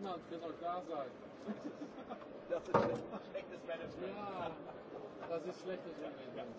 niemand, wer soll da sein? Das ist schlechtes Management. Ja, das ist schlechtes Management.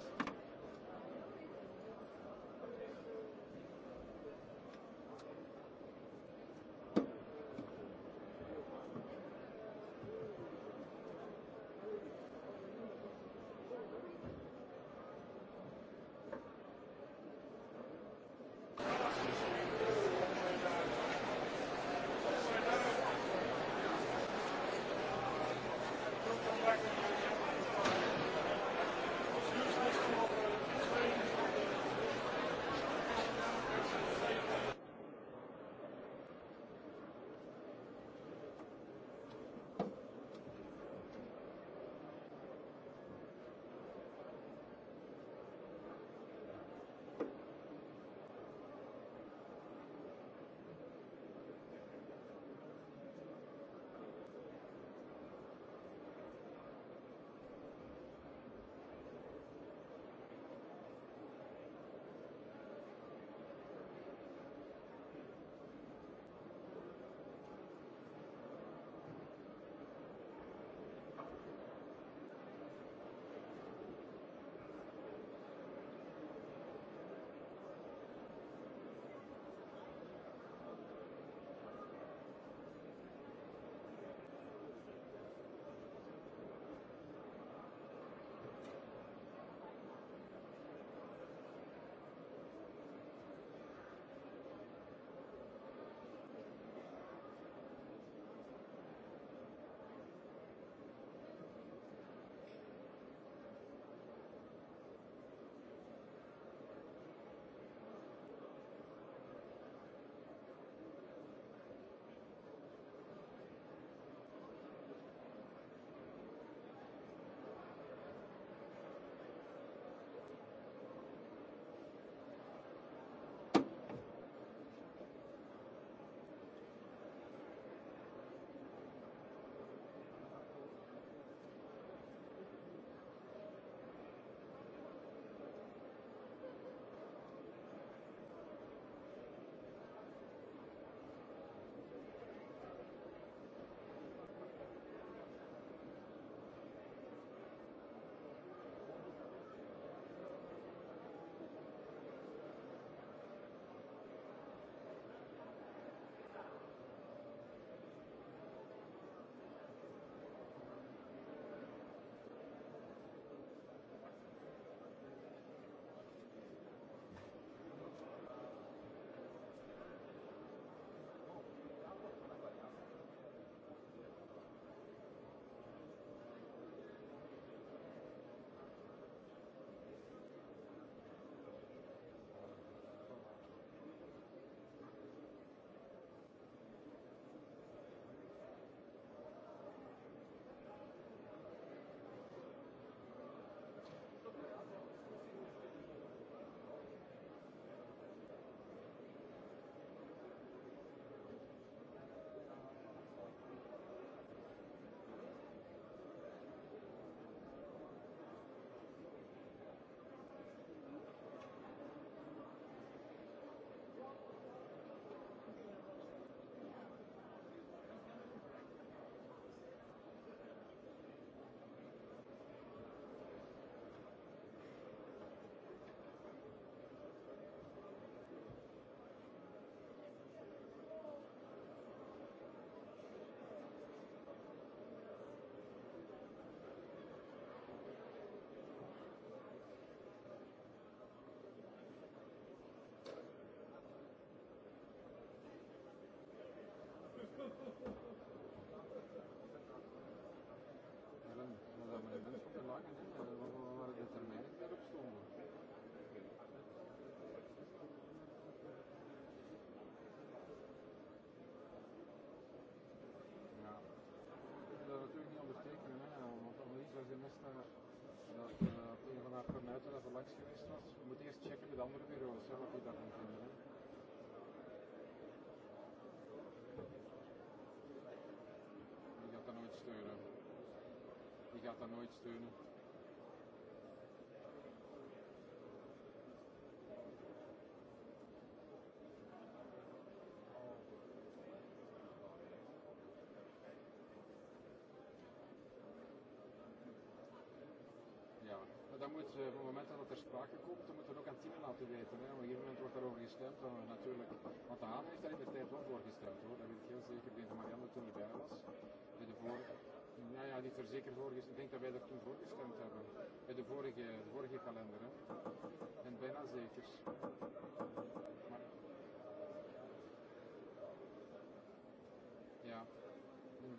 Adamları veriyorlar sonra bir dakika kendine. Η κατανόηση του ήρεμου. Η κατανόηση του ήρεμου. Ja, maar no, dan moet op het moment ter sprake komt, dan moeten we het ook aan Tine laten weten. Hè. Op een gegeven moment wordt daarover gestemd, dan natuurlijk. Want de Haan heeft daar in de tijd wel voor gestemd hoor. Dat weet ik heel zeker. Ik denk dat Marianne toen niet bij was. Bij de vorige. Nou ja, niet er zeker voor gestemd. Ik denk dat wij er toen voor gestemd hebben. Bij de vorige, de vorige kalender. Hè. En bijna zeker. Maar... Ja.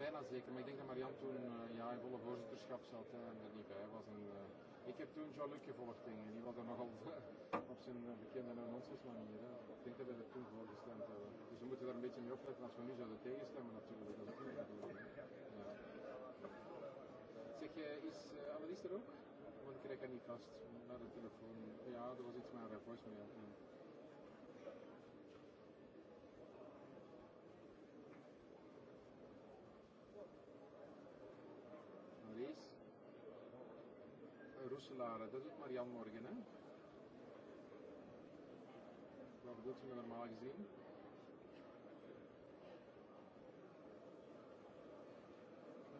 bijna zeker, maar ik denk dat Marianne toen uh, ja, in volle voorzitterschap zat hè, en er niet bij was. En, uh, Ik heb toen Jean-Luc gevolgd en die was er nogal op zijn eh, bekende annonces manier. Hè. Ik denk dat we dat toen voor gestemd hebben. Dus we moeten daar een beetje mee opletten als we nu zouden tegenstemmen natuurlijk. Dat is ook niet bedoeld. Ja. Zeg, eh, is eh, Annelies er ook? Want ik krijg haar niet vast naar de telefoon. Ja, er was iets met haar voicemail. Roeselaar, dat doet Marian morgen, hè? Wat bedoelt u normaal gezien?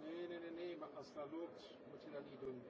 Nee, nee, nee, nee, maar als dat loopt, moet je dat niet doen.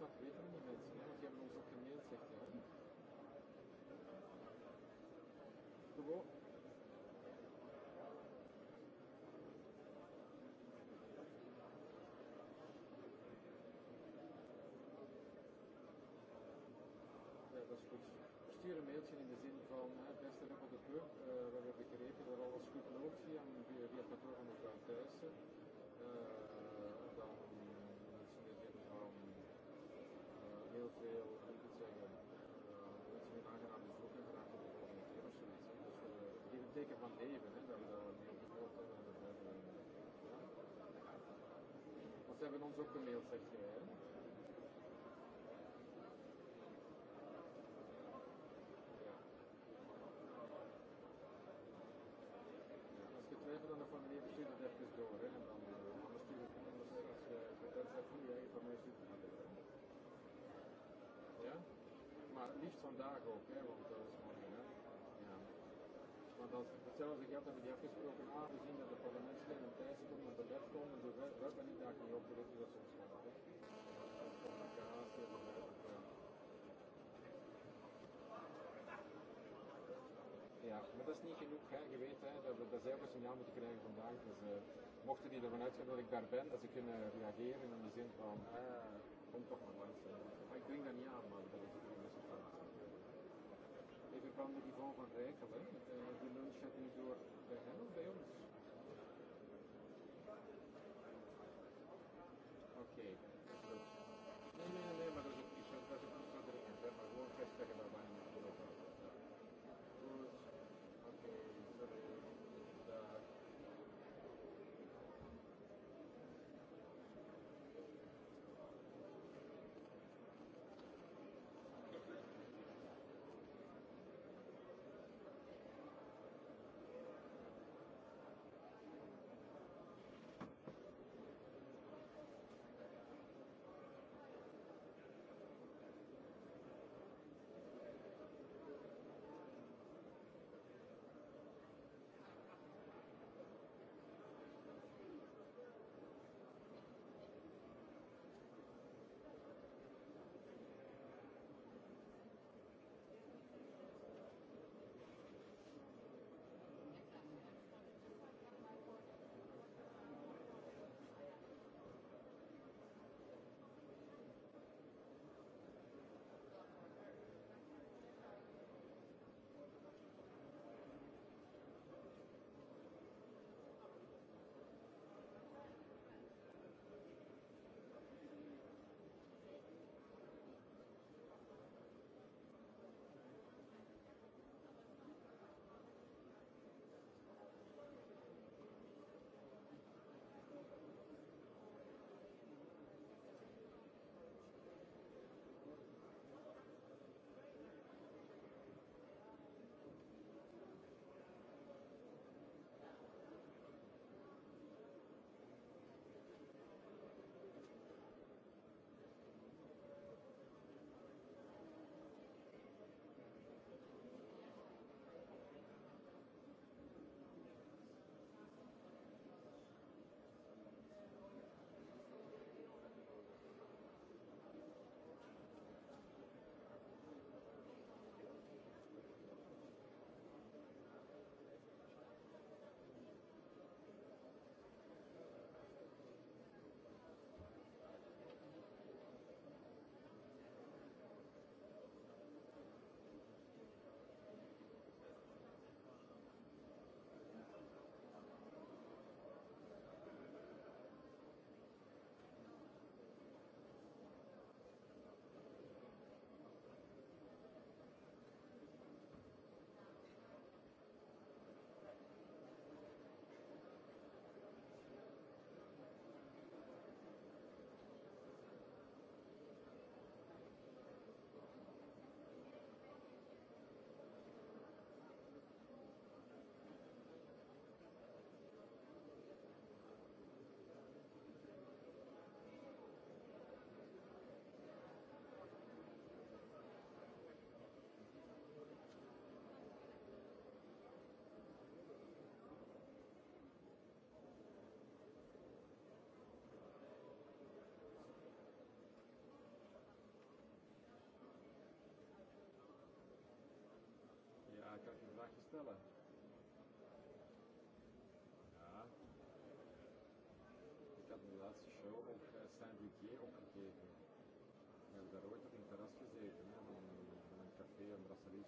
das nach Retro-Dimension. Die haben unsere Kanäle zerstört. zeker van leven. Hè? Dan, uh, want ze hebben ons ook gemaild, zeg je. Hè? twijfel dan nog van meneer stuur het even door. Hè? En dan uh, stuur het anders als je dat zegt van jij van mij stuurt het Ja? Maar liefst vandaag ook, hè? want dat is morgen. Hè? Ja. Want als zelfs ik had er met afgesproken aangezien dat de parlementsleden op tijd komen en belet komen, zo werd men niet daar kan oprichten dat soms kan. Communicatie, Ja, maar dat is niet genoeg. Hè. Je weet hè, dat we dat zelf signaal moeten krijgen vandaag. Dus uh, mochten die ervan uitgaan dat ik daar ben, dat ze kunnen reageren in de zin van, eh, kom toch maar langs. Maar ik denk dat niet aan, man kan we die van gaan regelen? de lunch zetten we door bij hen of bij ons?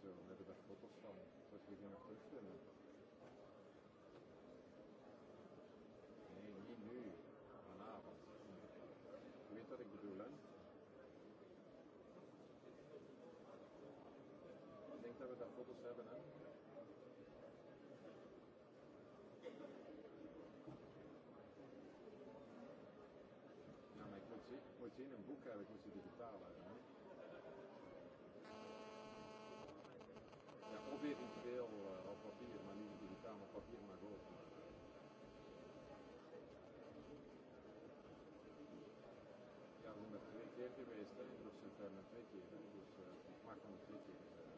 televizoru ne kadar fotosan takibini yaptırmışlar mı? Ne, ne, ne? Ana yapalım. Kuvvetleri gidiyorlar. Denk tabi da fotosu yapın ha? Ja, maar ik moet zien, ik moet zien een boek hebben, ik moet ze digitaal hebben. Diğer bir reisler Rusya fermetre diğeri Rusya makamete diğeri.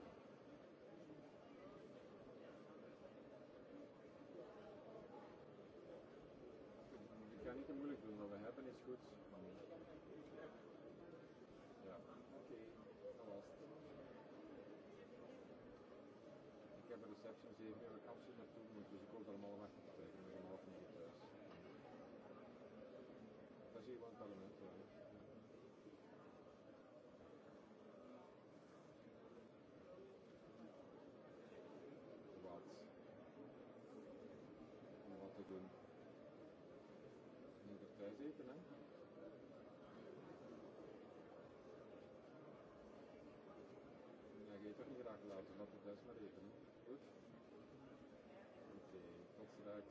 Vi kan inte moeilijk doen, maar we hebben iets goeds. Ja, oké, okay. dat Ik heb een reception 7 uur vakantie naartoe moeten, dus ik hoop dat allemaal wachten te trekken. Ik ben half een thuis. Dat is hier wel een parlement. Sete, né? Ja, je toch niet raken laten, laat het best maar even. Goed? Oké, okay, tot straks.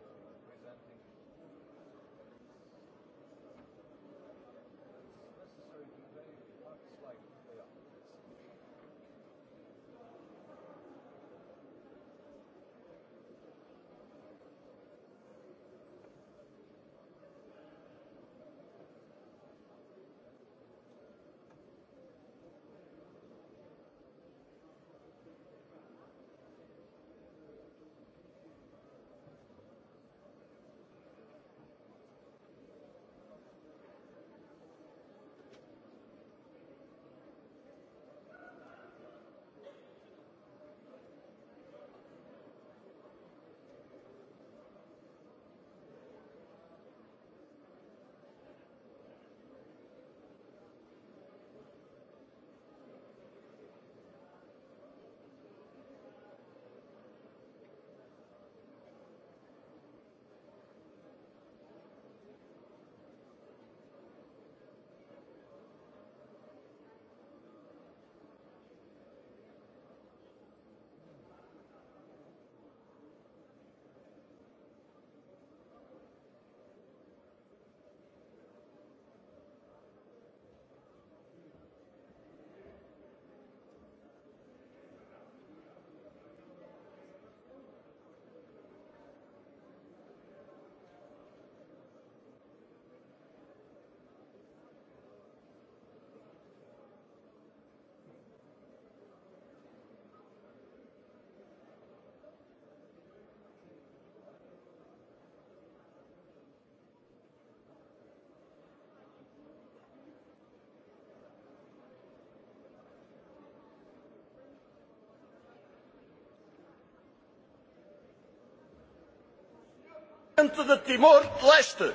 presidente de Timor-Leste.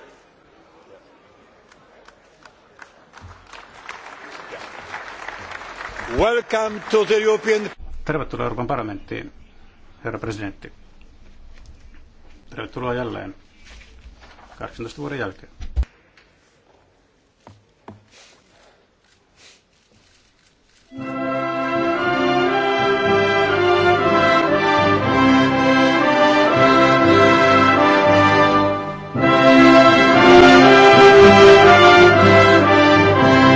Welcome to the European... Tervetuloa Euroopan parlamenttiin, herra presidentti. Tervetuloa jälleen 18 vuoden jälkeen.